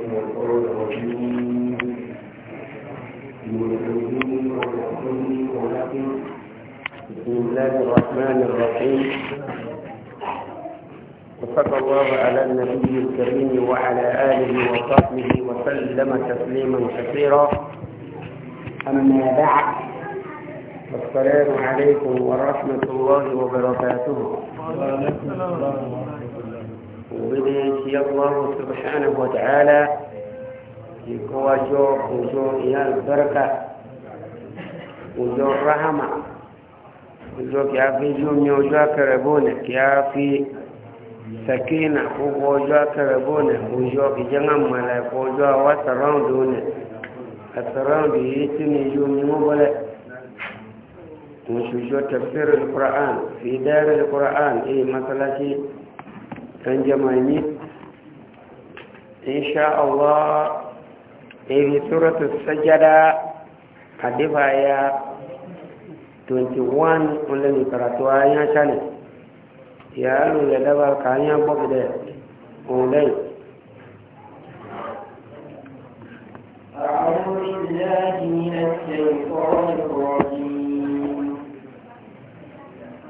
بسم الله الرحمن الرحيم وصلى الله على النبي الكريم وعلى آله وصحبه وسلم تسليما كثيرا أما بعد والسلام عليكم ورحمة الله وبركاته وعليكم السلام وإذا شي الله سبحانه وتعالى يكوى جو وجو يا البركة وجو الرحمة وجو كيا في يوم يوجو كربونة كيا في سكينة وجو كربونة وجو كجنا ملاك وجو وسراندونة السراند يتني يوم يوبلة وشجو تفسير القرآن في دار القرآن إيه مثلا شيء don jama'i insha Allah iri suratu sajada hadifa ya 21 wanda ne karatu a yan shani ya alu ya daba ka yan bobi da ulai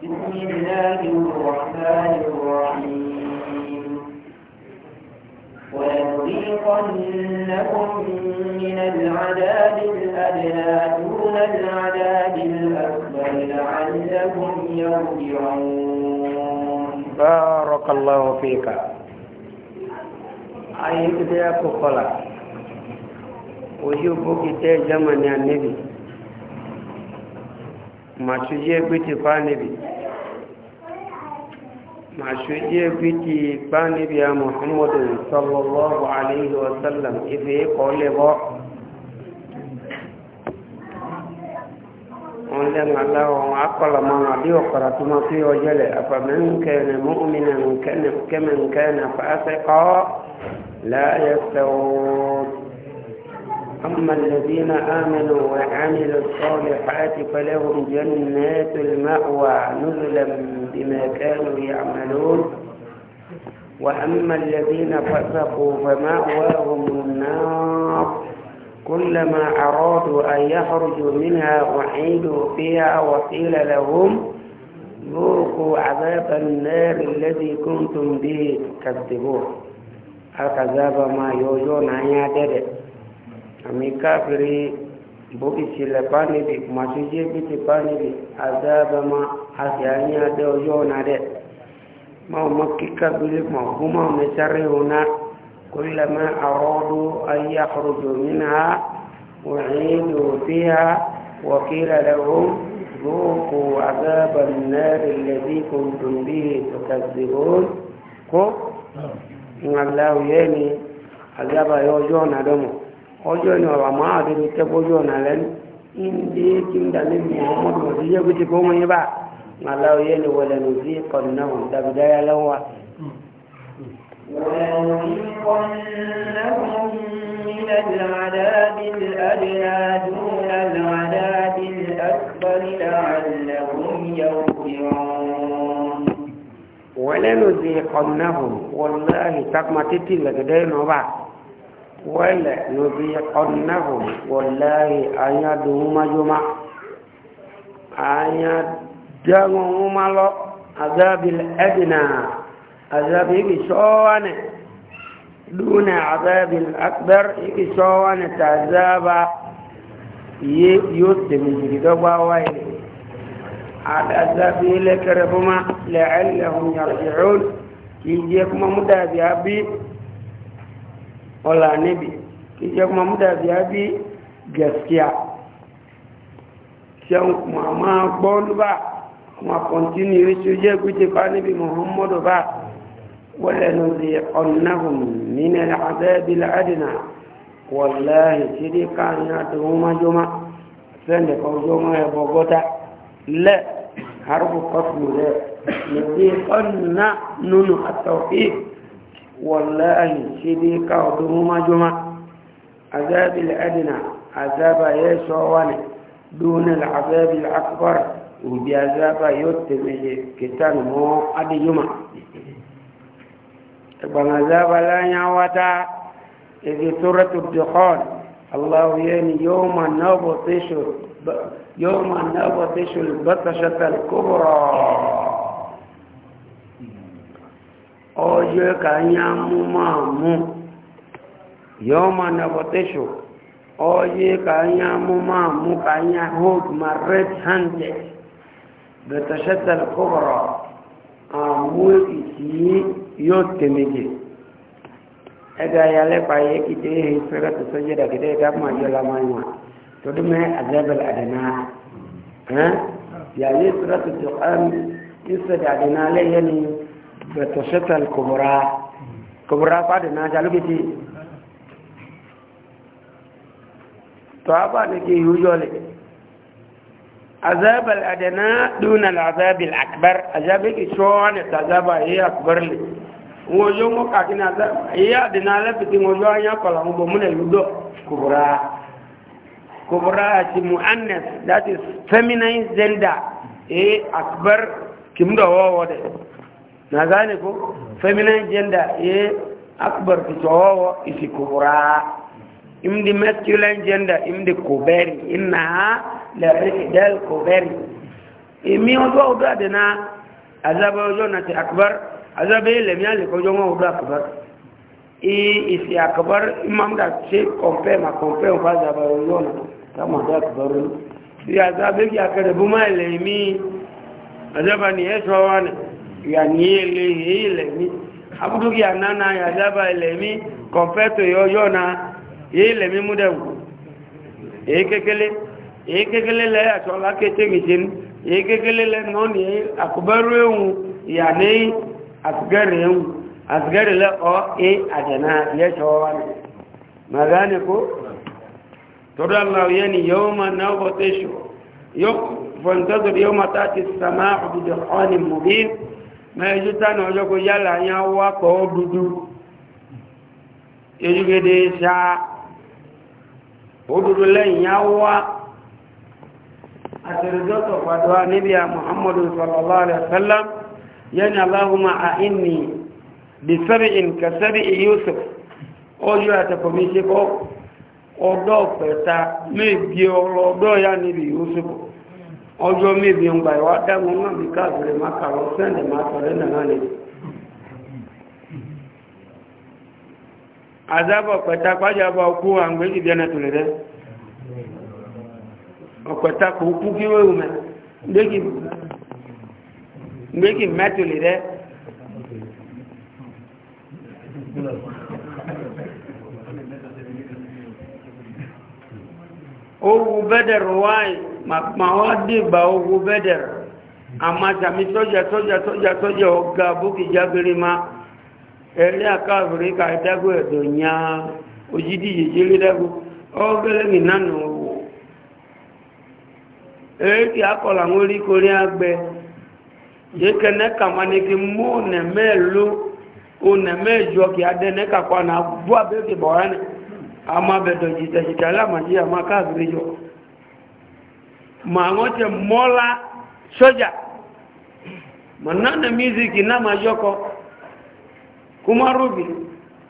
بسم الله الرحمن الرحيم لنذيقنهم من العذاب الأدنى دون العذاب الأكبر لعلهم يرجعون بارك الله فيك أيك يا كفلا ويبوك تي زمن النبي ما تجيب بتفاني بي àṣojú ẹbí ti bá níbi a muhammadu sallallahu alayhi wa sallam ife kọ́lẹ̀ bọ́ wọn lẹ́nu aláwọ̀ wọn akọ̀lọ̀ mọ́ wọn bí ọ̀kọ̀rọ̀ tó máa fi ọjọ́ lẹ̀ àfàmì nkẹ́ni mọ́mìnà nkẹ́mi nkẹ́ni fàásẹ́kọ́ أما الذين آمنوا وعملوا الصالحات فلهم جنات المأوى نزلا بما كانوا يعملون وأما الذين فسقوا فمأواهم النار كلما أرادوا أن يخرجوا منها أعيدوا فيها وقيل لهم ذوقوا عذاب النار الذي كنتم به تكذبون عذاب ما يوجون عن يدده àmì káfíìrì bókìtì lẹ̀ pánìbì màtúndé bìtì pánìbì àdáàbàmà àti àyìn adé ọjọ́ ọ̀nà dẹ̀ máa ma kíkà bílẹ̀ mọ̀ fún máa mẹ́sàrẹ́ ọ̀nà kúlẹ̀mẹ́ àrọ́dún ayé àkọ́rọ̀jọ́ mìíràn وعيدوا فيها وقيل لهم ذوقوا عذاب النار الذي كنتم به تكذبون كو الله يعني عذاب يوجون دمه ọjọ́ ni ọ̀rọ̀ àmọ́ àdúgbò tẹ́gbọ́jú ọ̀nà lẹ́nu ìdí kí n dà lẹ́nu muhammad mọ̀tí yẹ kó ti kó wọn yé bá màlá òye ni wọlé ní sí kọ̀ọ̀nù náà wọn dàbí dáyà lẹ́wọ̀n wa. ولنذيقنهم من العذاب الأدنى دون العذاب الأكبر لعلهم يرجعون ولنذيقنهم والله تقمتت لك دينه بعد wẹ́lẹ̀ lóbi ọ̀nàhù wọ̀láyé ayádùnmọ́jọ́má ayádùnmọ́lọ́ azábi ẹ̀dìnà azábi ibi sọ́wọ́nẹ̀ lúnà azábi akbar ibi sọ́wọ́nẹ̀ tàzába yóò tèmi jìgidọ́gbà wáyé azábi ilẹ̀kẹrẹ fún ma lẹ́ẹ̀lẹ́hùn yàrá ìrún kìí jẹ́ kuma múdàbí abí wala nabi kije kuma muda biya bi gaskiya sai kuma ma gbon ba kuma continue su je guje ba nabi muhammadu ba wala nuzi annahum min al'azab al'adna wallahi sidika ya duma juma sende ko juma e bogota le harfu qasmu le nuzi anna nunu at والله شديك وضموما جمع عذاب الأدنى عذاب يسوع دون العذاب الأكبر وبعذاب يتم كتان مو أدي جمع بمذاب لا يعوتا إذ سورة الدخان الله يعني يوم نبطش يوم نبطش البطشة الكبرى ọjọ́ ka ya mú máa mú yọ́ ma na bọ̀tẹ́ṣọ̀ ọjọ́ ka ya mú máa mú ka ya hold my red handed bẹ̀tẹ̀ṣẹ́tẹ̀lẹ̀ kọ́bọ̀rọ̀ àmú ìsì yóò tẹ̀mẹ̀jẹ̀ ẹgbẹ́ ayalẹ́ pààyẹ kìtẹ́ ihe fẹ́rẹ́ tó sọ́jẹ́ dàgẹ́dẹ́ ẹgbẹ́ àmàjọ́ lamáyìnwá tó dún mẹ́ àzẹ́bẹ̀lẹ̀ àdánà yàlẹ́ fẹ́rẹ́ tó tó ẹm ìsọ̀dẹ̀ ni فتصت الكبرى كبرى قد ناجلو بيتي توابا نكي يوجولي عذاب الأدنى دون العذاب الأكبر عذابك شوان عذاب هي أكبر لي وجو مو كاكين عذاب هي أدنى لبتي وجو أنيا كلا مبمون يودو كبرى كبرى أتي مؤنث that is feminine gender إيه أكبر كم ده هو ده na gane ko feminine gender ye eh, akbar kutowo isi kubra imdi masculine gender imdi kuberi innaha la ihdal kuberi imi eh, ojo odo adena azaba ojo na ti akbar azaba ile eh, mi ale kojo ngo odo akbar i isi akbar imam da se compare ma compare fa azaba ojo na kama da akbar bi azaba ki akare buma ile mi azaba ni eso wane yàní ele èyí lẹ̀mí abúdókì ànáná yàjábà ilẹ̀mí kọ̀fẹ́tò yọjọ́ na èyí lẹ̀mí múdẹ̀wù èyí kékeré èyí kékeré lẹ́ àtọ́lá kété mìtínú èyí kékeré lẹ́ nọ́ọ̀nì àkùbẹ́rú ehun yàní àtùgẹ́rì ehun àtùgẹ́rì lẹ́ ọ́ é àjẹ̀nà yẹ́sọ̀ wa ni màgáni kó ti sàmá àbújá ọ́ mẹ́jú tánà ọjọ́ kò yálà ya wákọ̀ ó dúdú erúgede ṣá ó dúdú lẹ́yìn yá wá àtẹ̀rẹ̀dọ́tọ̀ pàdọ́wà níbi à muhammadu sallallahu alaihi wasallam yẹni aláhùnmá à inni bí sẹ́rì in yusuf ọjọ́ àtẹ̀kọ̀mí ọdọ́ pẹ̀ta mẹ́bí yusuf ọjọ́ mébi ń gbà ìwá dámọ́ náà bí káàkiri máa kàrọ sẹ́ndẹ̀ máa tọ̀rẹ́ náà lè àzábọ̀ pẹ̀ta pàjábọ̀ ọkú àgbéjì dẹ́nà tó lè rẹ́ ọ̀pẹ̀ta kò kú kí ó rùmẹ̀ méjì mẹ́tò lè rẹ́ ó wù bẹ́dẹ̀ rọwáyìí ma ọ dịba ogun bẹ́dẹ̀rẹ̀ àmà sàmì sọ́jà sọ́jà sọ́jà sọ́jà ọ̀gá bókì jágbére ma ẹ̀rẹ́ àkàwèrè kàìdágò ẹ̀dọ̀ nyá òjìdí yèjèrè dágò ọ̀gẹ́lẹ́ nìnánà owó èyí akọ̀là ń rí korí agbẹ́ yìí kẹ́nẹ́ kàmá ni ma mola tẹ mọ́lá miziki na mísíkì náà ma yọ́kọ́ kumarubi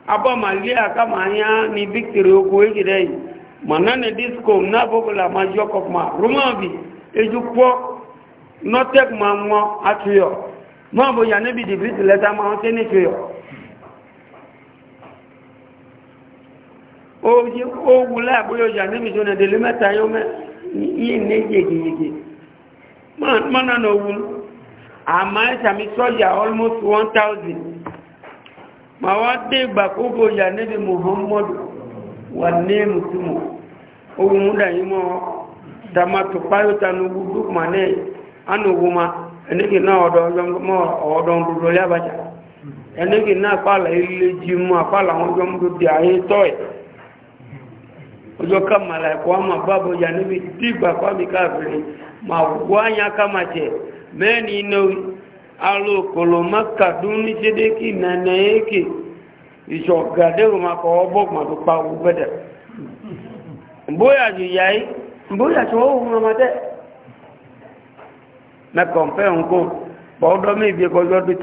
abọ́ ma lé àká ma yá ní bíkìrì ogun ìgìdẹ́ na disco náà bọ́bọ̀lá ma yọ́kọ́ ma rúmọ́bì ejú pọ́ nọ́tẹ́k ma wọ́n atúyọ̀ máa bọ̀ yà níbi dìbìtì lẹ́ta ma wọ́n tẹ́ nítúyọ̀ ó wulẹ̀ àbúyọ̀ yà níbi tó nà délé iye n'eji egiyigi mana na owu ama sami soja almost 1000 ma wa de gba kogo ya nabi muhammad wa ne mutumo owu muda imo dama to payo tanu gudu mane anu guma eniki na odo yo ya baja eniki na pala ile ji mu pala won jo mu di aye toy e. ọjọ́ ká màlàkọ́ àmà bábọ̀ yà níbi tí ìgbà kwami káàkiri ma wáyà ká ma jẹ mẹ́ni iná alókòlò mákàdún ní ṣédékì nànà èkè ìṣọ̀gàdérò ma kọ̀ ọbọ̀ pàdó pa owó gbẹ́dẹ̀ bóyà jù yà í bóyà tí wọ́n wọ́n ma tẹ́ mẹ́kọ̀ pẹ́ ńkó pọ̀ọ́dọ́ mi ìbí kọjọ́ bí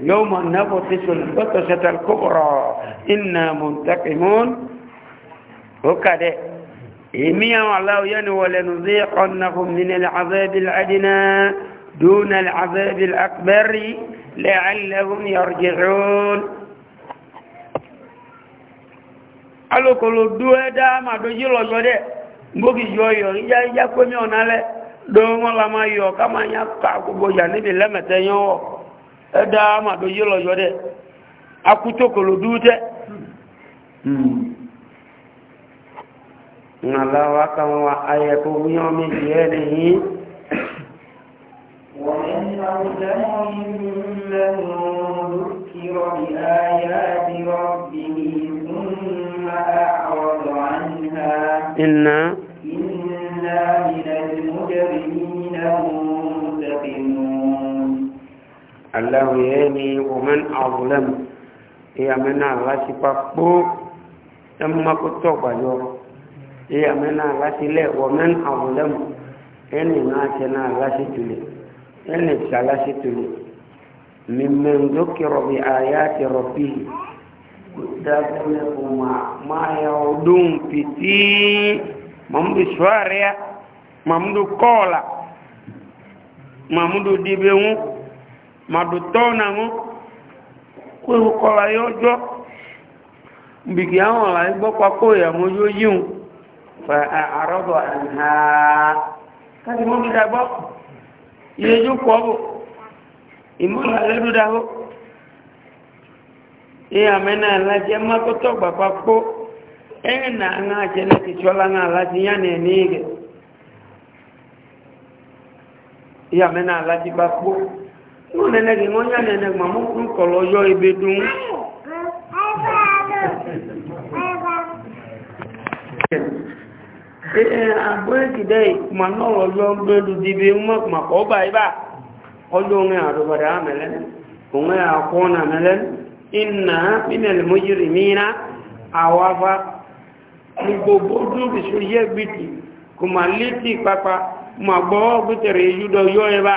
يوم نبطش البطشة الكبرى إنا منتقمون وكذا إميا الله ين ولنذيقنهم من العذاب الأدنى دون العذاب الأكبر لعلهم يرجعون alokolo du ẹdá màdójú lọ́jọ́ dẹ̀ gbógi yọ yọ ìyá ìyá pé mi ọ̀nà lẹ́ dóhùn ọ̀la máa yọ ká máa yá ká gbogbo yà níbi lẹ́mẹ̀tẹ́ yẹn wọ̀ ẹ̀dá àmàdó yé lọ́yọ́ dẹ̀ akútókòlò dúró tẹ́ ńláwá hmm. káwọn ayẹ̀kọ́ wíyàn méjì ẹ̀ nìyí ومن أظلم ممن ذكر بآيات ربه ثم أعرض عنها إنا إنا من المجرمين منكرون aláwọ̀ yẹ́ ni woman awolem ìyàmẹ́ náà lásìpá kpó ẹmọ́kútọ́ gbàjọ ìyàmẹ́ náà lásìlẹ̀ woman awolem ẹni náà ṣe náà lásìtulẹ̀ ẹni ṣe lásìtulẹ̀ mímẹ́ ndókèrò bí ayé àti rọ̀bì dábẹ́lẹ̀ kùmà máa yà ọdún pìtì mọ̀mú sùwárẹ̀ mọ̀mú kọ́ọ̀là mọ̀mú dìbẹ̀ màdùtọ́ nàmú kó kọ́ra yọ jọ́ bìkì àwọn àlàyé gbọ́ pakó ìyàmú yóò yíhun fẹ àrọ́bọ̀ àhà káti mú mi dàgbọ́ ìyẹjú kọ́ bò ìmúlò àlẹ́dù dàgbọ́ ìyá mẹ́nà alájẹ́ mákótó gbàgbà kó ẹ̀yìn nà ń àjẹ́ náà ti tsọ́lá ń aláti yá ni ẹ̀ní ìgẹ̀ ìyá mẹ́nà alájẹ́ gbà kó nínú nẹ́nẹ́ kí wọ́n yá nẹ́nẹ́ màmú ń kọ̀lọ̀ yọ ibi dùn. àbúrẹ́kì dẹ́ mà náà lọ yọ gbẹ́dù dìbí mọ̀kọ́ bá ibà ọjọ́ òun àdùbàdà mẹ́lẹ́ òun àkọ́nà mẹ́lẹ́ iná mínẹ̀lẹ̀ mọ́jìrì mìíràn àwáfá ní gbogbo dúbì sórí ẹgbìtì kò mà létí pápá mà gbọ́ gbìtẹ̀rẹ̀ yúdọ̀ yọ ẹ bá.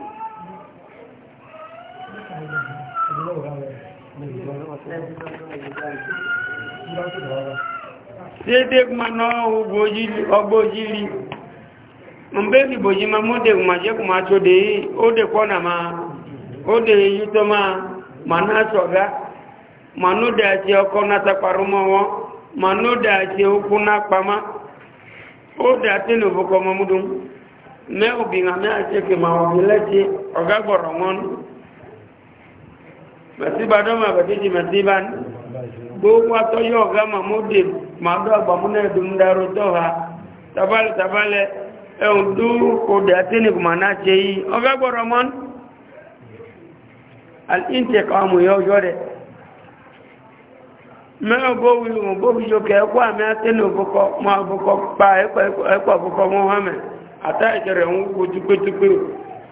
Dédé kuma náà ọgbójírí. Mbe ni boji ma mo de kuma je kuma to de o de kona ma o de yu to ma mana soga manu de ati oko na ta parumo wo manu de ati uku na pama o de ati no bo ko mamudun me obi na me ati ma o bi leti oga gboro ngon masiba dɔma batiji masiba ni gbogbo atɔ yɔ ɔga ma mo de ma do agba na dum daro tɔ ha tabali tabali ɛhun du ko de ati ni kuma na tse yi ɔga gbɔdɔ mɔn ali inte kawo mo yɔ yɔ dɛ mɛ kɛ ɛkɔ amɛ ati ni kpa ɛkɔ ɛkɔ ata ŋu o.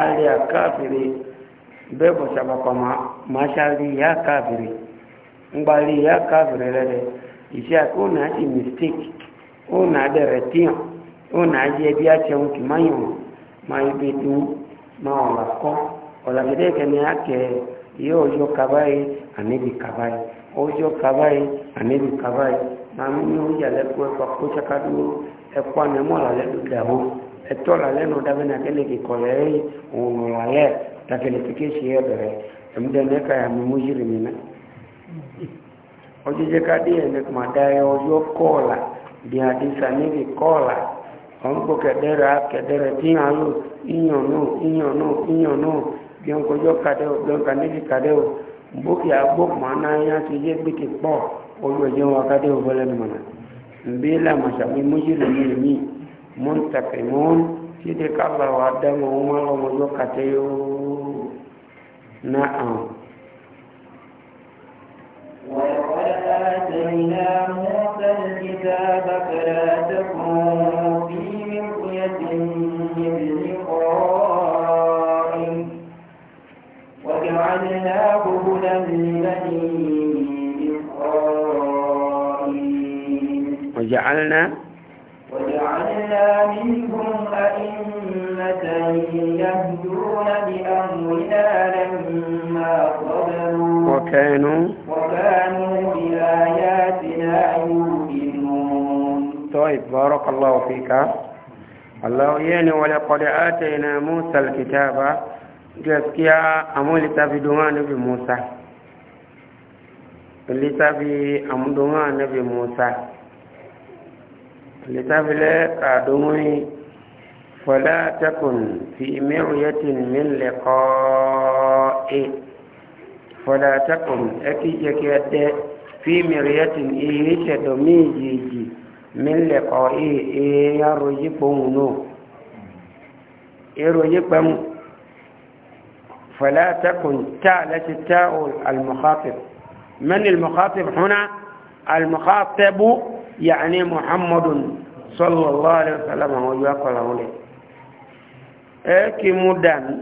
alẹ́ àkáàbìrì bẹ́ẹ̀ bọ̀ sàbàkọ̀ máa ma ìyá àkáàbìrì ń gbalẹ̀ ya àkáàbìrì lẹ́rẹ̀ isi ya mistake a ṣeun kì máa yàn ni a kẹ́ yóò ọjọ́ kabaye àníbi kabaye ọjọ́ kabaye àníbi kabaye màmí ni ó ẹtọ́ra lẹ́nu dámẹ́nà kẹ́lẹ̀ kìkọ̀ lẹ́rẹ́ òun rọ̀ lẹ́ tàbílẹ̀ tí kí ṣe ẹ̀bẹ̀rẹ̀ ẹ̀mùdẹ́nẹ́ káyà mú mú yìí rí mi náà ọjọ́jẹ́ káàdì ẹ̀mẹ́ kọ́mà dáyẹ ọjọ́ kọ́ọ̀là di àdìsá níbi kọ́ọ̀là ọ̀nkọ́ kẹ̀dẹ́rẹ́ kẹ̀dẹ́rẹ́ tí ń alò ìyànnú ìyànnú ìyànnú bí ọkọ̀ منتقمون تلك الله وعدم وما ومزوكته نعم ولقد آتينا موسى الكتاب فلا تكن في مرية من لقائه وجعلناه هدى لبني إسرائيل وجعلنا وجعلنا منهم أئمة يهدون بأمرنا لما صبروا وكانوا وكانوا بآياتنا يوقنون طيب بارك الله فيك الله يعني ولقد آتينا موسى الكتاب gaskiya amu littafi doma nabi musa littafi amu doma nabi musa لتفلى أدمي فلا تكن في مرية من لقاء فلا تكن أكي يكيد في مرية إيه تدمي من لقاء إيه يرجي بونو إيه فلا تكن تاء التاؤل المخاطب من المخاطب هنا المخاطب يعني محمد صلى الله عليه وسلم ويقول له اكي مدان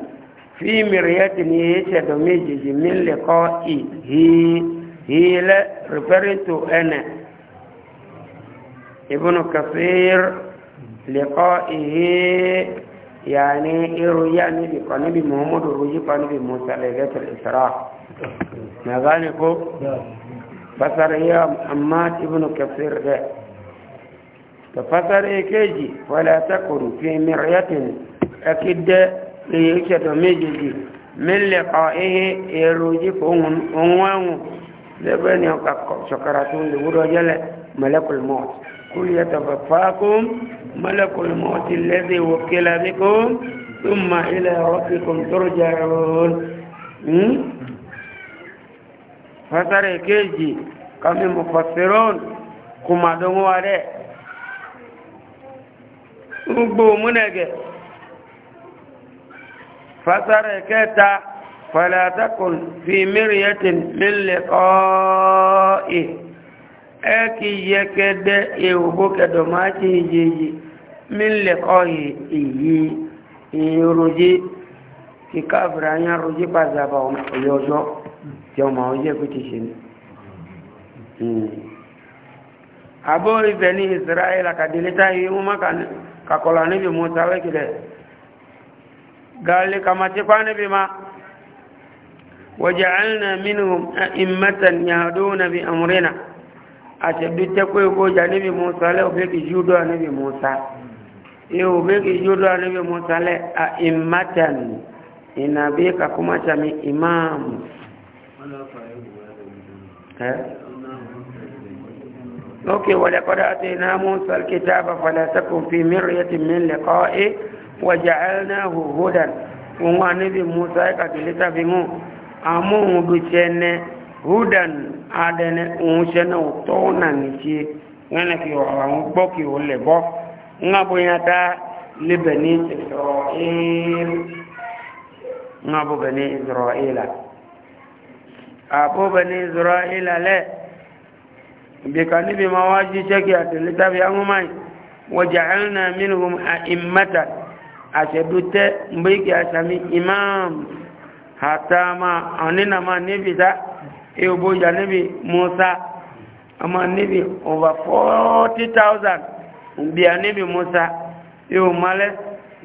في مريات نيشة دميجي من لقائي هي هي لا رفرت أنا ابن كثير لقائه يعني إرياني بقنبي محمد ورجي قنبي موسى ليلة الإسراء ما ذلك fasariya muhammad ibn kafir rẹ̀ ka fasari keji falatakun fi miryatin akidẹ iye ìṣẹ̀tọ̀ méjèèjì mílẹ̀ kọ ihe èròjì fún ohun ẹ̀hùn lẹ́bẹ̀ẹ́ ni ọkà ṣọ̀kara tó lè wúrọ̀ jẹ́lẹ̀ mẹ́lẹ́kùl mọ́t kúrò yẹtọ̀ fàákùn mẹ́lẹ́kùl mọ́t lẹ́sẹ̀ wò kílẹ̀ bíkún tó fasara èkejì kàmi mufasiron kùmàdónwó adé gbogbo múnẹgẹ fasara èkẹta falatakun fi miriyatin min liqa'i ẹ kì í yẹ kẹdẹ ìhòòhò kẹdọmáàtì yìí min liqa'i èyí ìròyìn kíkà fìrà yẹn ròyìn pàṣẹ àbàwọn ọyọjọ tí ọmọ àwọn jẹ́ kó ti ṣe ní. Hmm. àbọ̀ ibẹ̀ ní israel àkàdélé táyé wọn má kàkọ́lá níbi musa wẹ́kìlẹ̀ gàálẹ̀ kàmàtípá níbi ma wàjàálìnà mínúhùn ìmẹ́tàn yàdóhùn bí amúrínà àṣẹ̀dú tẹ́kọ́ ikó jà níbi musa lẹ́ òbẹ́kì júdọ́ níbi musa ihò òbẹ́kì júdọ́ níbi musa lẹ́ ìnàbí kàkọ́mọ́sàmì ìmáàmù اوكي ولقد اتينا موسى الكتاب فلا تكن في مريه من لقائه وجعلناه هدى وهو نبي موسى كتلتا فيمو امو بشن هدى ادن وشن وطونا نشي وانا في وعوان بوكي ولبو نابو يدا لبني اسرائيل نابو بني اسرائيل àbó bẹni ìzọrọ ìlàlẹ̀ ìbìkà níbi ma wá jí ṣẹ́kì àti lítàbí ahúnmáì wọ́n jẹ́ àrínà mínúhùn àìmẹ́ta àṣẹ̀dútẹ́ mbíkì àṣàmì imam àtàmà ọ̀nínàmà níbi tá ìhòbójà níbi musa ọmọ níbi over forty thousand ǹbíà níbi musa ìhò malẹ́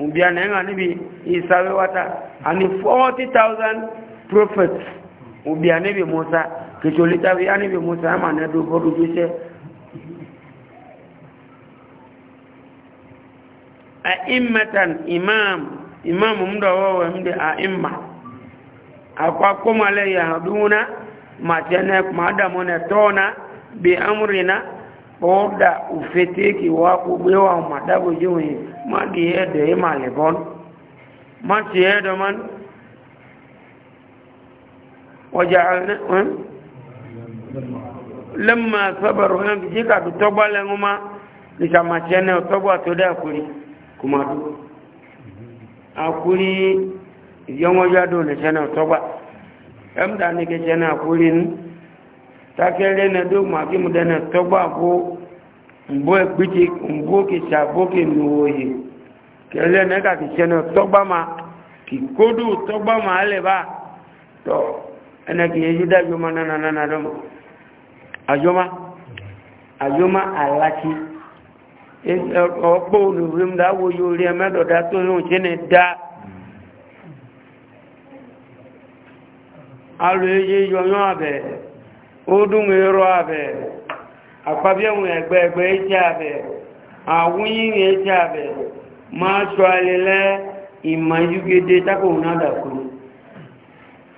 ǹbíà nẹ́ngà níbi ìsàwéwátà àní forty thousand prophets ubi anabi musa kitolita bi anabi musa ama na do bodu jise a'immatan imam imam mdo wawe mde a'imma akwa kuma le yahduna matene mada mone tona bi amrina oda ufeteki wako bewa madago jowe magi ede ma bon mati edo man وجعلنا لما صبروا هم جيكا تتوبا لهما نسمع جنة وتوبا تودا كوري كما يوم جادو توبا داني takele na do ma ki ko mbo mbo ki sa bo ki kele na ka ki sene toba ma ki kodu toba ma ale ba to ẹnẹ kìí yúdá yọmọ náà náà náà dọ́mọ àjọmá àjọmá àlákí olùrí mdá wo yóò rí ẹmẹ́dọ̀dá tó lóun tí ní dá alò eye yọyọ abẹ ọdún ẹrọ abẹ àpapẹ̀wọ̀n egbe egbe ẹ̀tí abẹ àwọn yìnyín abẹ máa sọ alẹ́ lẹ́ ìmọ̀ yúgede tákòun náà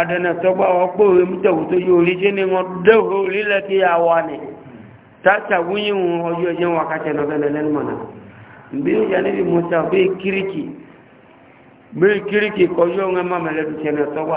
adanatɔgba wɔkpɔ oye mutawuto yi olidze ne ŋɔ deho oli lɛ ke awani tata wunyi ŋu ɔyɔ dze ŋu akatsɛ nɔbɛ lɛ lɛ numana bi ya ne bi musa be kiriki be kiriki kɔyɔ ŋa ma mɛ lɛ do tsɛ natɔgba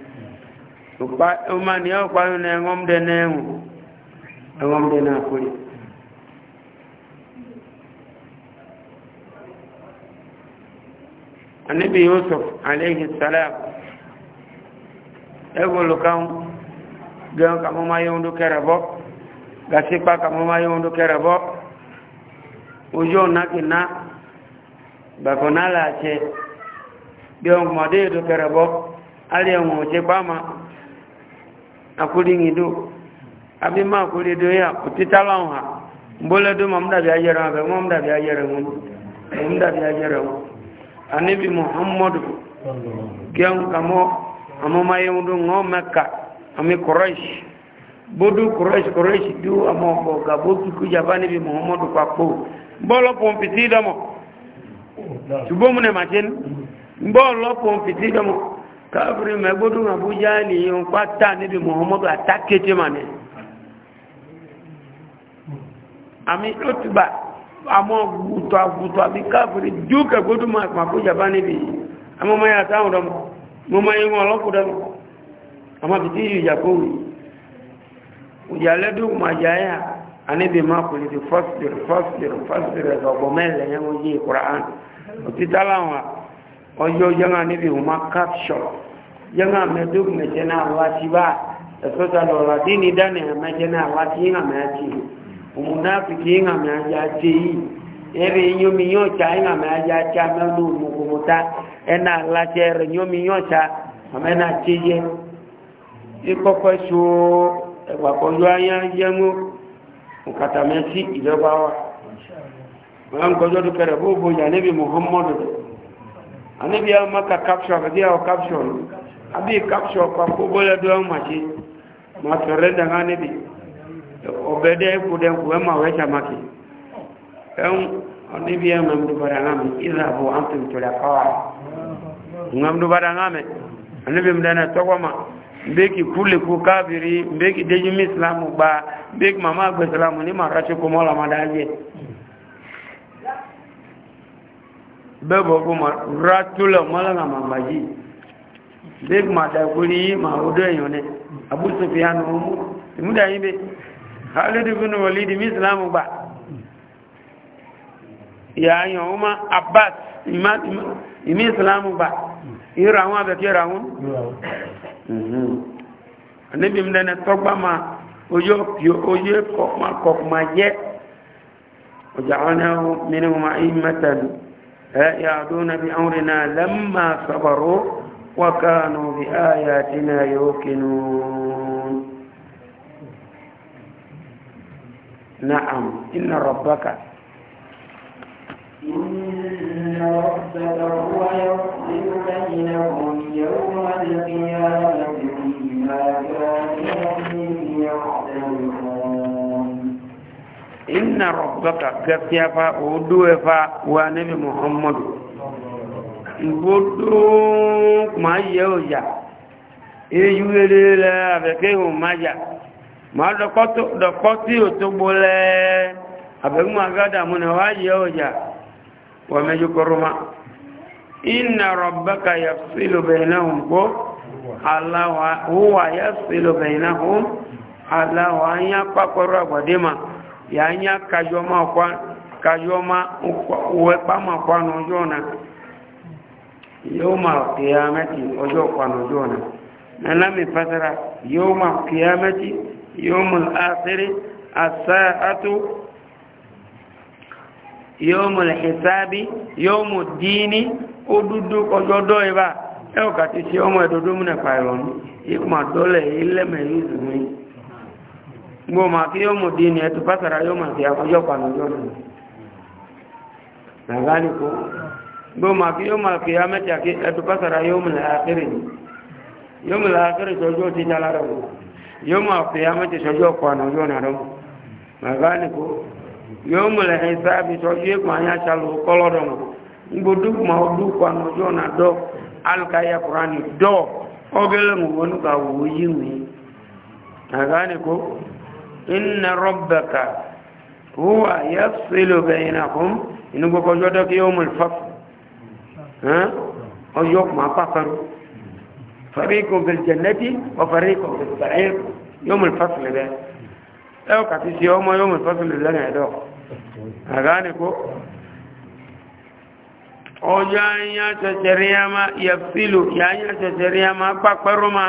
tukpa umani yao kwa yu na ngomde nengu ngomde na kuli anibi yusuf alayhi salam egolu kan gan kamo ma yondu kerebo gasipa kamo ma yondu kerebo ujo nakina bakonala che bi ọmọdé ìdókẹrẹ bọ́ ali ọmọ òjẹ́ gbáma akúríyìn ndụ àbí máa kó lè dóyà kò títà láwọn ha bólẹ́ dó mọ̀mú dàbí ayẹ́rẹ̀ wọn mọ̀mú dàbí ayẹ́rẹ̀ wọn mọ̀mú dàbí ayẹ́rẹ̀ wọn anibi ọmụdụ kẹ́hún kàmọ́ àmọ́máyéhun dó ńọ́ mẹ́ka àmì kọ́rọ́ìṣì bódú kọ́rọ́ìṣì káfírí mẹ́gbódún àbújá ní ohun pátá níbi muhammadu àtàkété mà ní àmì ló ti bá àmọ́ gbùtọ̀ àgbùtọ̀ àbí káfírí dúkẹ́ gbódún àpàkójà bá níbi àmọ́ mọ́ yà táwọn ọ̀dọ́mọ́ mo mọ́ yí wọn ọlọ́kùnrin àmọ́ bí tí ìyà kó wù ìyà lẹ́dùn màjá yà àníbi máa kò lè fi fọ́sìtìrì fọ́sìtìrì fọ́sìtìrì ẹ̀sọ̀ ọ̀gbọ̀mẹ́lẹ̀ yẹn wọ́n yí ìkùrà án òtítà láwọn ọjọ́ yẹ́ngà níbi ìwọ̀nmá capture yẹ́ngà mẹ́tò mẹ́tẹ́ náà wá sí bá ẹ̀sọ́ta lọ́la tí ní dáná mẹ́tẹ́ náà wá sí yẹ́ngà mẹ́tẹ́ òmùnáfìkì yẹ́ngà mẹ́tẹ́ àti yìí ẹ̀rẹ̀ yọ́mi yọ́ ta yẹ́ngà mẹ́tẹ́ àti amẹ́lú òmùkùmùta ẹ̀nà aláṣẹ rẹ̀ yọ́mi yọ́ ta àmẹ́nà àti yẹ ikọ́kọ́ so ẹ̀gbàkọ́ yọ ayá yẹ́mú anabi awo maka caption akadi awo caption abi caption kwa kubola do awo machi ma surrender nga anabi obede kude kuwe ma wecha maki em anabi awo mamdu barangame iza bu antum tulaqawa ngamdu barangame anabi mdana tokoma mbeki kule ku kafiri mbeki deji mislamu ba mbeki mama kwa islamu ni marashi kumola madaje bẹ́bọ̀ kó ma rátúlọ̀ mọ́lọ́nà màmá yìí bẹ́ẹ̀ kó ma dàgbórí yìí ma ọdọ́ èèyàn ní abúsùfìyànù ọmú ìmúdà yìí bẹ́ alódìbínú wọlé di mísìlámù gbà ìyàyàn ọmọ abbas ìmísìlámù gbà ìrọ àwọn abẹ́kẹ́ ìrọ àwọn níbi mìíràn tọ́gbà ma ojú ọkọ̀ ma kọ̀ọ̀kọ̀ ma jẹ́ ọjà wọn náà mìíràn ma ìmẹ́tẹ̀lú يعدون بأمرنا لما صبروا وكانوا بآياتنا يوقنون نعم إن ربك إن ربك هو يفصل بينهم يوم القيامة فيما كانوا فيه يختلفون inna rabbaka gaskiya fa oduwe fa wa nabi muhammadu gbogbo ma yẹ ọjà eyu elele abẹ́kẹ́ ihò májà ma dọ̀kọ́ tí ò tó gbolẹ̀ abẹ́gbọ́n agádà múnà wá yẹ ọjà wà mẹ́jú kọrọmá inna rabbaka yafsilu bainahum ko Allah huwa yafsilu bainahum Allah wa an ya kwakwaro agbadema Yanya kajoma kwa kajoma uwepa kwa jona yoma kiyamati ojo kwano jona na lami fasara yoma kiyamati yoma akhiri asaatu yoma alhisabi yoma dini ududu ojo doiba eo katisi yoma edodu mune pailoni ikuma dole ileme yuzu mwenye mo ma fi yóò mọ̀ di ni ẹtù pásara yóò mọ̀ sí àkọjọ́ pàmì yóò mọ̀ nàgáníkó mo ma fi yóò mọ̀ fi amẹ́tì àti ẹtù pásara yóò mọ̀ láàkiri yóò mọ̀ láàkiri sọjọ́ ti nyala rẹ̀ mọ̀ yóò mọ̀ fi amẹ́tì sọjọ́ pàmì yóò nà rẹ̀ mọ̀ nàgáníkó yóò mọ̀ lẹ́yìn sáàbì sọjọ́ èkó anyá salo kọ́lọ́ dọ̀ mọ̀ ngbodú ma ọdún pàmì yóò nà alùkáyà kúránì inna rọ́bẹ̀ka wúwà yẹ́ sílò bẹ̀yìnà fún inú gbogbo ọjọ́ dọ́kí yóò mú ìfọ́fù ọjọ́ kùmà pàkàrù fàríkò bẹ̀jẹ̀nẹ́tì ọ̀fàríkò bẹ̀jẹ̀nẹ́tì yóò mú ìfọ́fù lẹ́bẹ̀ ẹ̀ ọ́ kàfi sí ọmọ yóò mú ìfọ́fù lẹ́nà ẹ̀dọ́ àgánìkó ọjọ́ anyá tẹ̀tẹ̀rẹ́ yá má yẹ sílò yá anyá tẹ̀tẹ̀rẹ́ yá má pàkàrù má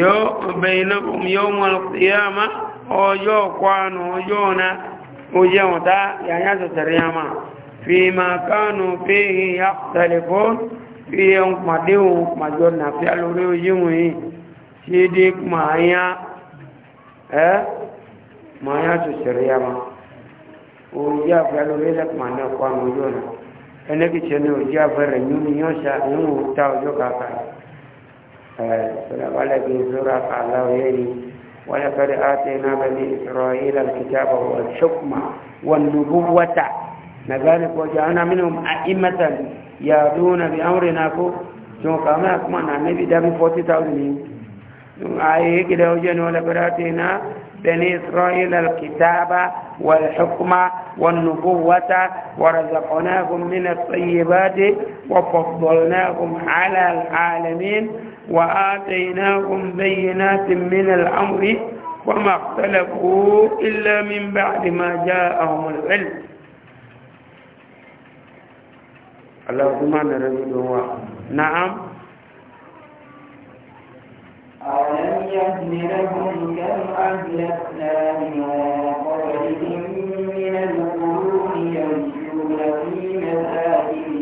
yóò bẹ̀yìnà yóò mú ìfọ́fù ọjọ́ kwánù ọjọ́ ọ̀nà oye ọ̀tá yàyà sọ̀tẹ̀rẹ̀ yàmà fi ma kánù pé ìyá tẹlifọ́ fi ẹun pàdé òun pàjọ nàfíà lórí oye wọ̀nyí tí dé màáyá ẹ́ màáyá sọ̀tẹ̀rẹ̀ yàmà oye àfíà lórí lẹ́kùnmà náà kwánù ọjọ́ ọ̀nà ẹnẹ́kìtì ẹni oye àfẹ́rẹ̀ ولقد آتينا بني إسرائيل الكتاب والحكمة والنبوة نذلك وجعلنا منهم أئمة يأتون بأمرنا شو كما كما النبي ده 40000 آية كده وجعلنا ولقد آتينا بني إسرائيل الكتاب والحكمة والنبوة ورزقناهم من الطيبات وفضلناهم على العالمين وآتيناهم بينات من الأمر وما اختلفوا إلا من بعد ما جاءهم العلم اللهم نرجو نعم ألم يهد لهم كم أهلكنا من قبلهم من القرون يمشون في مساكنهم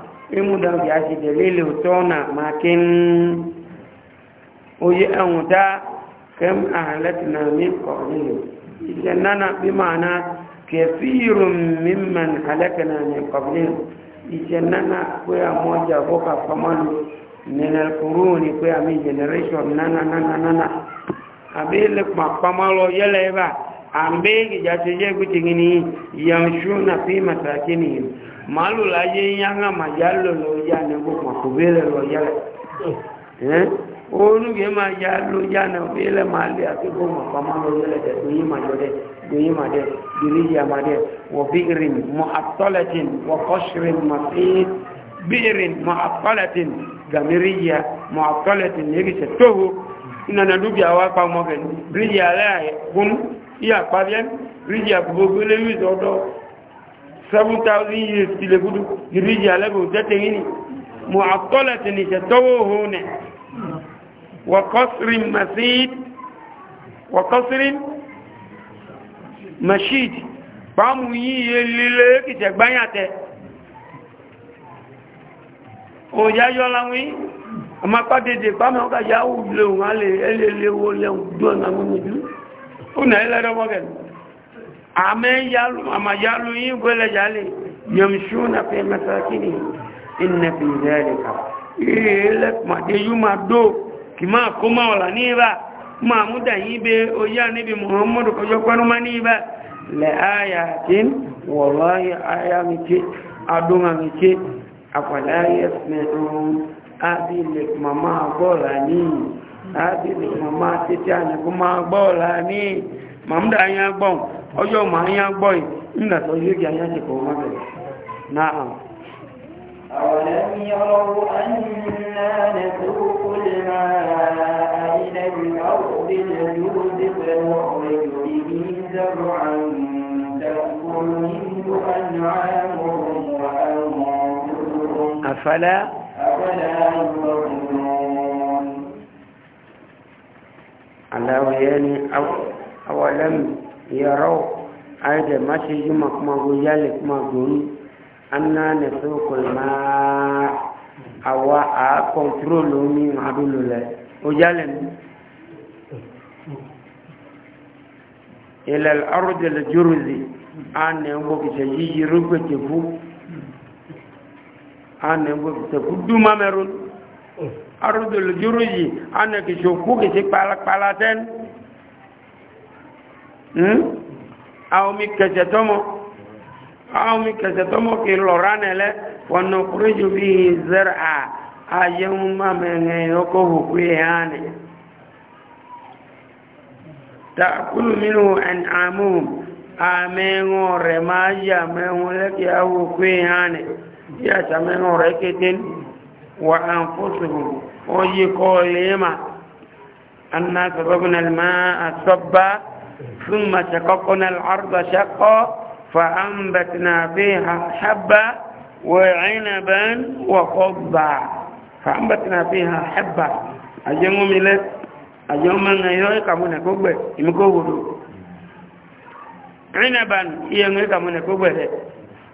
muda kiasi dalili utona makin uye anguta kam ahlatna min qablihim ijanana bimaana kathirun mimman halakna min qablihim ijanana kwa moja voka famanu min alquruni kwa mi generation nana nana nana abele mapamalo yeleva ambegi jatije kutingini yamshuna fi masakinihim màálù láyé yáńgá màjá lòlò yá ni gbogbo àkùbí lè lọ yá rẹ̀ onígbé màjá ló yá ni òbí lè máa lé àti gbogbo àpamọ́ ló yẹ lẹ́dẹ̀ doyin màjọ dẹ̀ doyin màdẹ̀ doyin yà màdẹ̀ wọ bí irin mọ àtọ́lẹ̀tìn wọ kọ́ṣirin mọ sí bí irin mọ àtọ́lẹ̀tìn gàmírí yà mọ àtọ́lẹ̀tìn yẹ́gì sẹ̀ tóhu ìnana dúkìá wa pa ọmọ kẹ́ni ríjì alẹ́ àyẹ̀kún yíyà pàdé ríjì àkùbọ̀gbẹ́lẹ́wì sọ́dọ̀ seven thousand years kile gudu iriji alebo dete ngini muaqqalatin shatawu huna wa qasrin masid wa qasrin mashid bamu yiye lile kite gbanyate o ya yo lawi ama padede pamo ka ya u le won ale ele le wo le do na mo ju o na ame yalu ama yalu yi gwele jali yamshuna fi masakini inna fi dhalika ile ma de yuma do kima ma wala ni ba ma muda yi be o ya ni bi muhammad ko jo kwanu mani ba la ayatin wallahi adunga afala yasmi'un abi le mama bola ni abi le mama bola ni gbon ọjọ́ ma ń yá gbọ́ ì nígbà tó yóò kí ayá ti kọ̀ ọmọ bẹ̀rẹ̀ náà أولم يروا أنا نسوق الماء إلى الأرض الجود فنخرج به زرعا تأكل منه أنعامهم وأنفسهم أفلا أفلا يبصرون على ويان أولم yarau ai da mashi yuma kuma goyale kuma goni anna ne so kulma awa a control mi madulu le o jale ni ila al-ard al juruzi a ne ngo ki yi rugbe te fu an ne ngo ki te fu du ma merun ardul jurzi ne ki ku ki pala pala ten àwọn hmm? mi kẹsẹ̀ tọ́mọ àwọn mi kẹsẹ̀ tọ́mọ kì í lọ́ra nílẹ̀ wọn kúrẹ́ ju bí zẹ́rẹ̀ à ayé ń má mẹ́rin ọkọ̀ òkú yẹn hàn ní. takulu minnu ẹn àmú àmẹ́rin a máa yà mẹ́rin lẹ́kì àwọn òkú yẹn hàn ní bí àṣà mẹ́rin rẹ̀ lee ma ثم شققنا العرض شقا فأنبتنا فيها حبا وعنبا وقبا فأنبتنا فيها حبا أجمع ملت أجمو من يوي كمون كوبة يمكوبة عنبا يوي كمون كوبة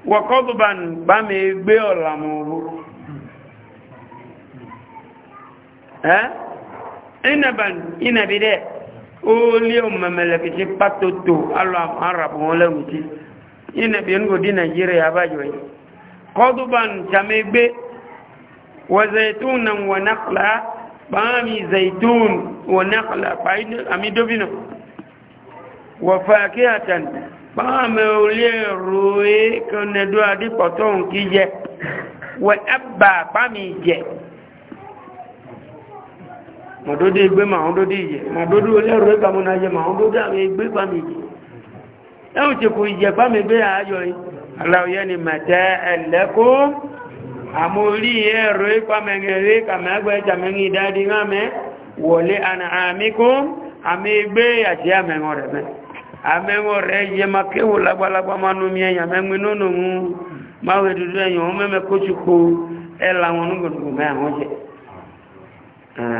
وقبا بامي بيولا موبو ها عنبا إنبي ده olie omemelekiti patoto alò arabu wọn lẹ́wọ̀n ti yìí nàbí yẹn kò di nàìjíríà abájọ yìí kọ́dùbàn jàmẹ́gbé zaitun na wọ nàkàlà bàámi zaitun wọ nàkàlà bàámi àmì dóbìnà wọ fàákì àtàn bàámi olie ròé kọ́nẹ́dọ́ adìpọ̀tọ́ nkì jẹ wọ ẹ̀bà bàámi jẹ mọ̀dọ́dé gbé màá dọ́dé ìyẹ̀ mọ̀dọ́dé olẹ́rù ẹgbàmú náà yẹ màá dọ́dé àwọn ẹgbẹ́ gbàmì yìí ẹ̀hùn tí kò yẹ gbàmì gbé ayọ̀ yìí aláwọ̀yẹ́ ni mẹ̀tẹ́ ẹ̀lẹ́kọ́ àmórí ẹ̀rọ ìpamẹ̀rẹ̀ kàmẹ́gbẹ́ jàmẹ́rin ìdádi rámẹ́ wọlé àmìkọ́ àmì ẹgbẹ́ àti àmẹ́rọ rẹ̀ mẹ́ àmẹ́rọ rẹ̀ yẹ ma kéwò lágbàlagbà máa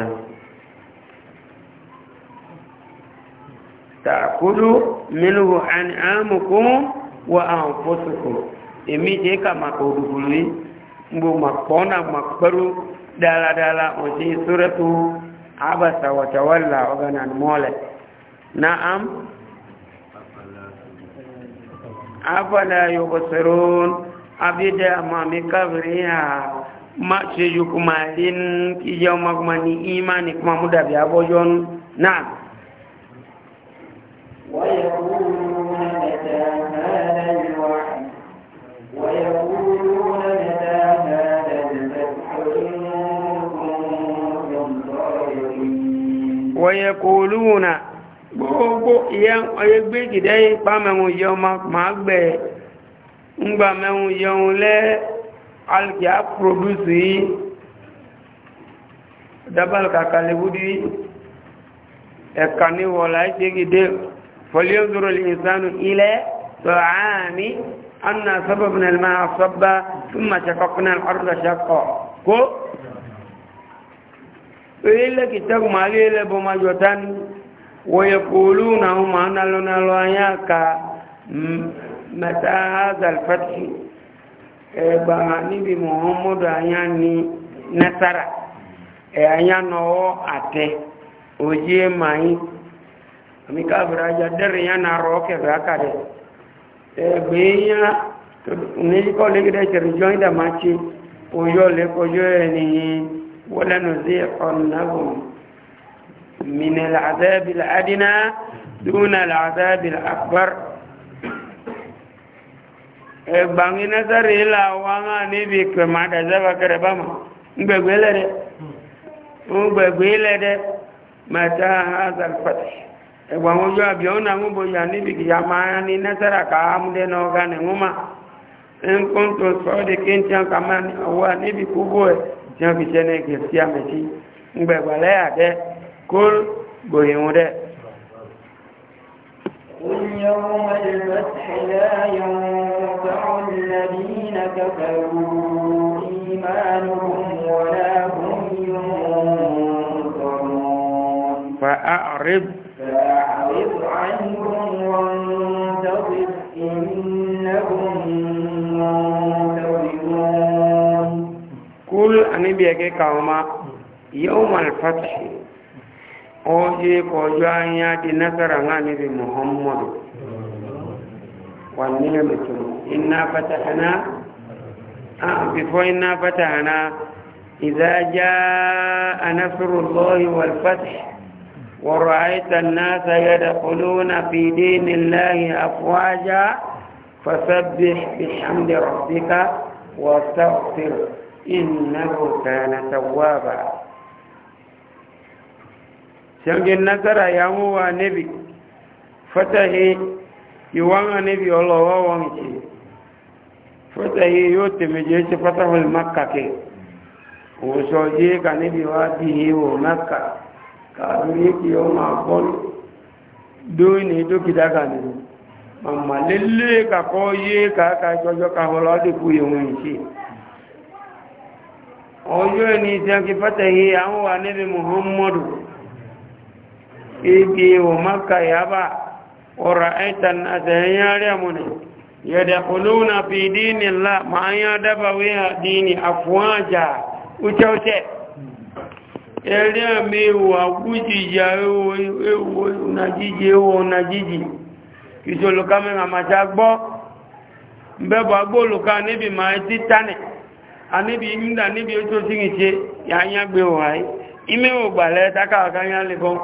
nú tàkúrú mínú àmùkún wọ àwọn fóṣùkù èmi jẹ́ ká màkà òdùkùnrin yìí gbogbo makpɔna makpɛru daladala ɔsi suratu abasa watawala ɔganan mɔlɛ naam afala yobosirun abida mami kabiriya ma seju kumalin kijawma kuma ni imani kuma mudabi abɔjɔn naam. ويقولون متى هذا الوعد ويقولون متى هذا الفتح ويقولون gbogbo ìyá ẹgbẹ́ ìdẹ́ ipá mẹ́rin yẹ ọmọ máa gbẹ̀ ńgbà mẹ́rin yẹ òun lẹ́ alìkíá pòdúsì yìí dábàlì kàkàlẹ̀ wúdí ẹ̀kà níwọ̀lá ìṣẹ́gidẹ́ فلينظر الإنسان إلى طعام أن سببنا الماء صبا ثم شققنا الأرض شقا كو إلا كتاب مالي بما جوتان ويقولون هم أن لنا الوياك متى هذا الفتح بعني بمحمد أياني نصر أيانو أتي ojiye mayin àmì káàbìrì ajá dẹ́rìn yẹn náà rọ kẹfẹ́ àkàdẹ ẹgbẹ́ yẹn ní kọ́ lẹ́gẹ́dẹ́ tẹ̀rẹ̀ jọ́ ìdàmáṣe oyọ́ lẹ́kọjọ́ ẹnìyàn wọ́lẹ́nu sí ọ̀nàbùn من العذاب الأدنى دون العذاب الأكبر bangi nazari ila wanga ni bi kema da zaba kare ba ma ngbegwele de ngbegwele de mata ẹgbà wọn yóò àbí ọ̀nà àwọn bòyà níbi ìyá máa ní nẹ́sẹ̀rà ká amúdé náà ọ̀gá ní wọ́mà ń kún tó sọ́ọ́dì kí n tiẹ̀ kà máa wà níbi kúbọ̀ ẹ̀ tí wọ́n fi ṣe ní gẹ̀ẹ́sì àmẹ́sí ń gbẹ̀gbà lẹ́yà dẹ́ kó gbòyìnwó dẹ́. الفتح لا ينفع الذين كفروا إيمانهم ولا هم فأعرض فأعرض عنهم وانتظر إنهم منتظرون قل أنا بيجي كوما يوم الفتح oje kojo an yadi nasara nga nabi muhammadu wanne mutum inna fatahna ah before inna fatahna idza jaa nasrullahi wal fath ورأيت الناس يدخلون في دين الله أفواجا فسبح بحمد ربك واستغفر إنه كان توابا سنجي النصر يامو نبي فتحي يوانا نبي الله وانشي فتحي يوتم جيش فتح المكة كي نبي واديه ومكة káàkiri kí ó máa bọ́ dóí ní dókítà kàní màmá lélẹ́ kàkọ́ yé kàákà jọjọ́ káwọn lọ́dẹ̀kú ìwọ̀n ìṣe ọjọ́ ẹni ìsẹ́kì fẹ́tẹ̀hì àwọn wà níbi muhammadu ibi wọ́n maka yaba ọ̀rọ̀ ẹ̀tàn àtẹ̀yẹnyàrí àmúnẹ̀ yẹ̀dẹ̀ olóòna fi dínì lá ma ń yá dábàwé dínì àfúwájà úchẹ́ úchẹ́ ẹ̀rí àmì ewu àgbújìjà ewu onajíjì ewu onajíjì ìṣòlùká mẹ́rin àmàjá gbọ́ bẹ́bọ̀ agbóòlùká níbi ma ti tánẹ̀ àníbi ìmúdà níbi oṣù tí ń ṣe yányágbé wáyé ime ògbà lẹ́tàkà àkáyá lẹ́kọ́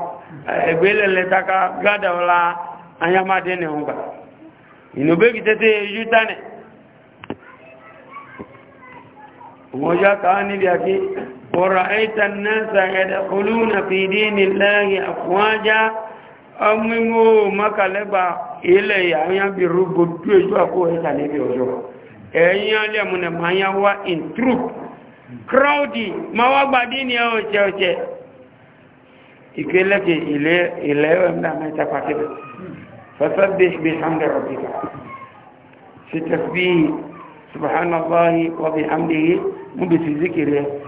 káà níbi ورأيت الناس يدخلون في دين الله أفواجا أممو مكالبا إلي يعني بربو تيجوا أقوه تنبي وجوه ẹ̀yìn alẹ́ àmúnà máa yá wá in troop crowdy ma wá gbà dí ní ọ̀ọ̀ṣẹ́ ọ̀ṣẹ́ ìkẹ́lẹ́kẹ́ ilẹ̀ ẹ̀mdà mẹ́ta pàtẹ́lẹ̀ fẹ́sẹ́bẹ̀ bí hamdà rọ̀bíkà sí tẹ́sbí subhanallah wa bi hamdihi mú bí sí zikiri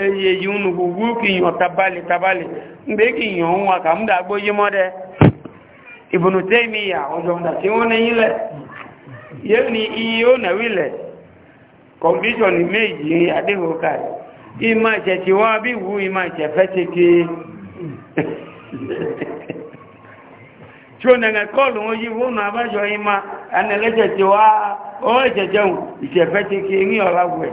eye yi unu gbogbo ki yan tabali tabali mbe ki yan ohun aka mda agboye mọ́dẹ ìbùnú tẹ́mi yà ọjọ́ ọ̀dà tí wọ́n ní ilẹ̀ yẹ́ ni iye ó nà wílẹ̀ méjì adéhùká ìmá ìṣẹ̀ tí wọ́n bí wú ìṣẹ̀ fẹ́ ti ké tí ó wọn yí fóònù abájọ tí wọ́n ó ti ké ní ọ̀làwẹ̀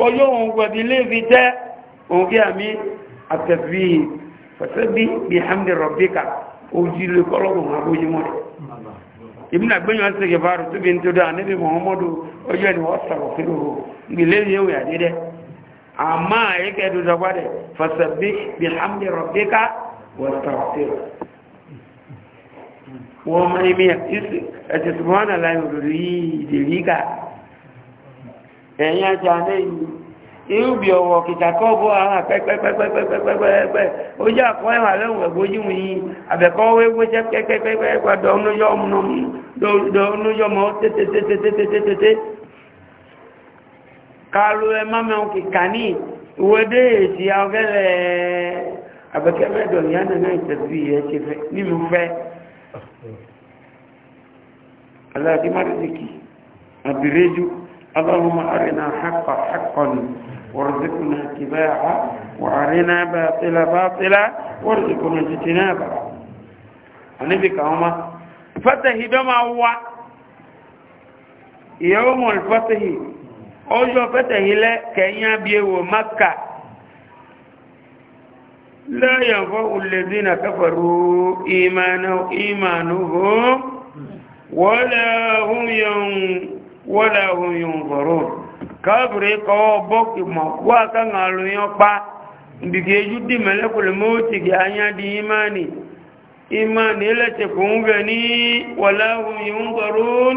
kọjọ́ òun wẹ̀bí léèfi jẹ́ òun kí àmì àtẹ̀bí fẹ̀sẹ̀bí bí hamdi rọ̀bíkà ojúlé kọlọ́gùn agbójúmọ́ rẹ̀ ìbínà gbẹ́yàn sí ìgbàrù tó bí n tó dá níbi muhammadu ọjọ́ ẹni wọ́n sọ̀rọ̀ fẹ́rẹ̀ o ilé yẹ̀wò àdídẹ́ àmà ẹ̀kẹ́ dúdọ́gbà rẹ̀ fẹ̀sẹ̀bí bí hamdi rọ̀bíkà wọ́n sọ̀rọ̀ fẹ́rẹ̀ wọ́n mọ̀ ẹ̀mí ẹ̀sìn ẹ̀sìn ẹ̀yìn àti àná yìí irúbi ọ̀wọ̀ kìtàkọ́ bó ara pẹ́pẹ́pẹ́pẹ́pẹ́pẹ́pẹ́ ó jẹ́ àkọ́ ẹ̀wà lẹ́wọ̀n ẹ̀gbójúwìn yìí àbẹ̀kọ́ wéwé jẹ́ pẹ́pẹ́pẹ́pẹ́ dọ̀ọ́núyọ́mọ́ tètètètètètètè kalu ẹ mọ́mọ́ kìkà ní ìwédé èsì ọgẹ́lẹ̀ àbẹ̀kẹ́mẹ́dọ̀ ní ànàná ìtẹ̀sí ẹ̀ ṣe fẹ́ nínú fẹ́ aláàdí má اللهم أرنا حقا حقا وارزقنا اتباعه وأرنا باطلا باطلا وارزقنا اجتنابه النبي كما فتح بما هو يوم الفتح أجو فتح الى كينيا بيو مكة لا ينفع الذين كفروا إيمانهم إيمانهم ولا هم ينفعون wọ́lẹ̀ ohun yòǹgọ̀rọ̀ káàbùrẹ́ kọwọ́ bọ́ọ̀kì mọ̀ wá káàkiri àlùyàn pa ìbìkì ejú dì mẹ́lẹ́kùnlẹ̀ mọ́tìkì anyádì imani imani ẹlẹ́tẹ̀ kò ní wọ́lẹ̀ ohun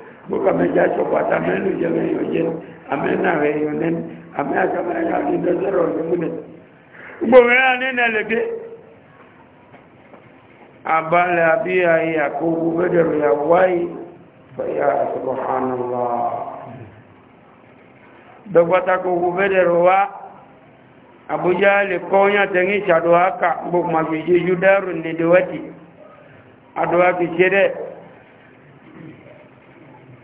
Bukan meja choko ata menu jeme yoje amena we yonen ame akamera ya ni dozero yomune boga ya nena lebe abala abia ya kubu bedero ya wai fa subhanallah dogwata kubu bedero wa abuja le konya tengi chado aka bokma bije judaru ndewati adwa kichere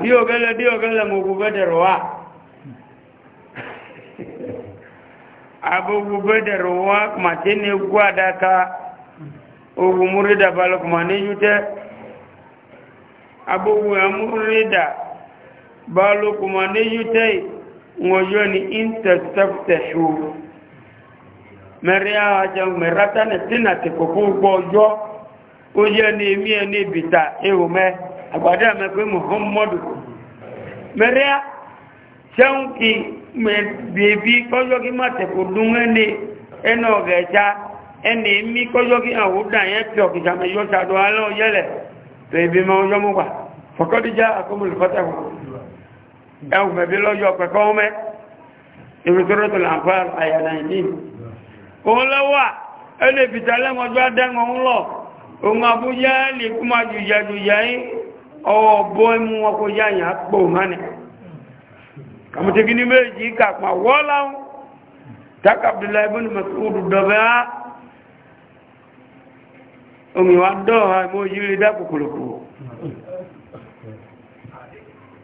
bí ọ̀gẹ́lẹ̀ bí ọ̀gẹ́lẹ̀ mọ̀ ogun bẹ́dẹ̀rọ wá agbogbo bẹ́dẹ̀rọ wá màtí ní egwu àdáka ogun múrídà balọ̀kùnmà ní yútẹ́ agbogbo múrídà balọ̀kùnmà ní yútẹ́ wọ́yọ́ ni interceptẹ̀ṣù mẹ́rin àjọ mẹ́rátánẹ̀ tí nà ti kòkó gbọ́ ọjọ́ ó yẹ́ ní èmí ẹni ìbìtà àgbàdo àmọ́ pé muhammadu mẹ́rẹ́à sẹ́wọ́n kì bèbí kọ́jọ́ kí má tẹ̀kọ̀ dún ẹni ẹnà ọ̀gẹ̀ẹ́ta ẹni mí kọ́jọ́ kí àwòdà pẹ̀ ọ̀kìsàmẹ́ yọ́ sàdọ̀ alẹ́ ọ̀yẹ́lẹ̀ bèbí ma ọjọ́ mú wà fọ́kọ́díjá àkọ́mọlù fọ́tẹ̀kọ̀ lè ọwọ́ bọ́ mú wọn kó yáyà pò mánì kàmùtẹ́kì ní méjì kàpà wọ́lá tak abdullahi bin mas'ud dọ̀bẹ́ á omi wa dọ́ọ̀ha mọ́ yìí dá kòkòròkò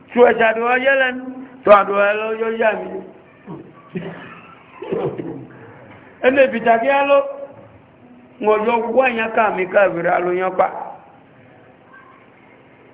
tí wọ́n ṣàdùwọ́ yẹ́lẹ̀ tó àdùwọ́ ẹlọ́yọ́ yà mí ẹnẹ́bìtàkí á ló wọ́n yọ wọ́n káàmì káàbìrì alóyán pa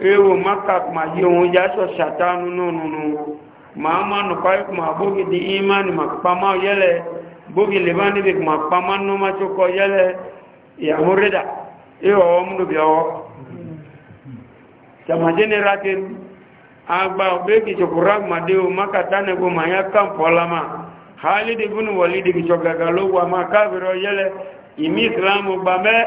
ewo makak ma yi ohun ya so no no ma ma nufa kuma bogi di imani ma kpama yele bogi libani bi kuma no numa choko yele ya hurida iyo omdu bi owo kama jene rakin agba obeki chokura kuma deo maka tane kuma ya kampo lama halidi bunu walidi kichogagalo wa makaviro yele imi islamu me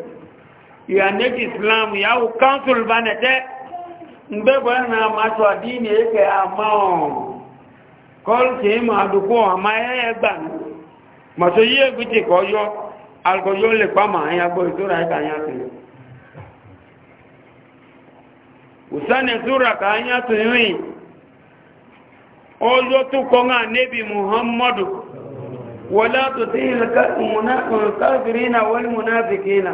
ya neji islam ya wu council ba na te mgbe bụ na amasụ adini eke ama kọlụsị ma adụkwụ ama ya egba ma so yi egwuti ka ọyọ alkọyọ lekwa ma anya gbọ ìtura ka anya tụrụ usane sura ka anya tụrụ yi ọjọ tukọ na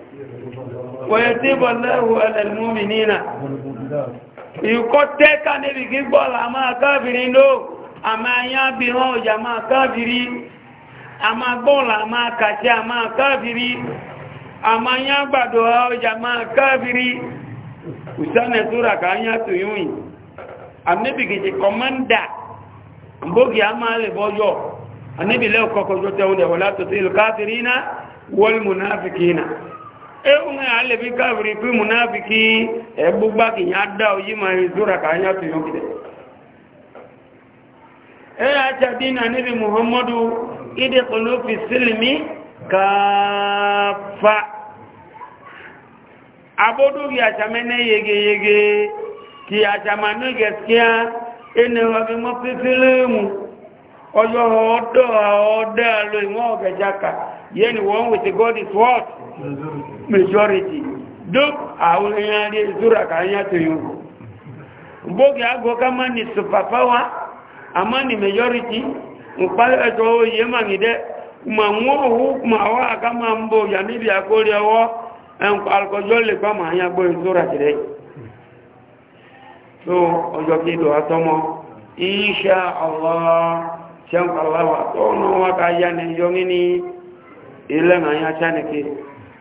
ويتيب الله على المؤمنين يكتك نبي قبل أما كافرين أما يابهو جما كافرين أما قول أما كشي أما كافرين أما يابدو جما كافرين usane sura kanya tuyui annabi ke komanda mbogi ama le bojo annabi leo kokojote ule wala tusil kafirina wal munafiqina ewu eh, ŋa alebi kafiri kpi munafiki egbugba eh, kinya da oyi ma izura ka anya tuyo kide e eh, acha dina nabi muhammadu ide kulu fi silmi kafa abodu ki acha mene yege yege ki acha manu gaskiya ene wabi mafi filimu ojo odo odo alo imo ogejaka yeni one with god is what majority duk a wurin yare zura ka hanya ta yi bogi agwo kama ni superpower ama majority nkpali ẹjọ oye ma nide ma nwo ohu ma wa aka ma mbo ya níbi akóri ọwọ alkọjọ lè pa ma hanya gbọ́ zura jẹrẹ so ọjọ́ allah ṣe tó yá ní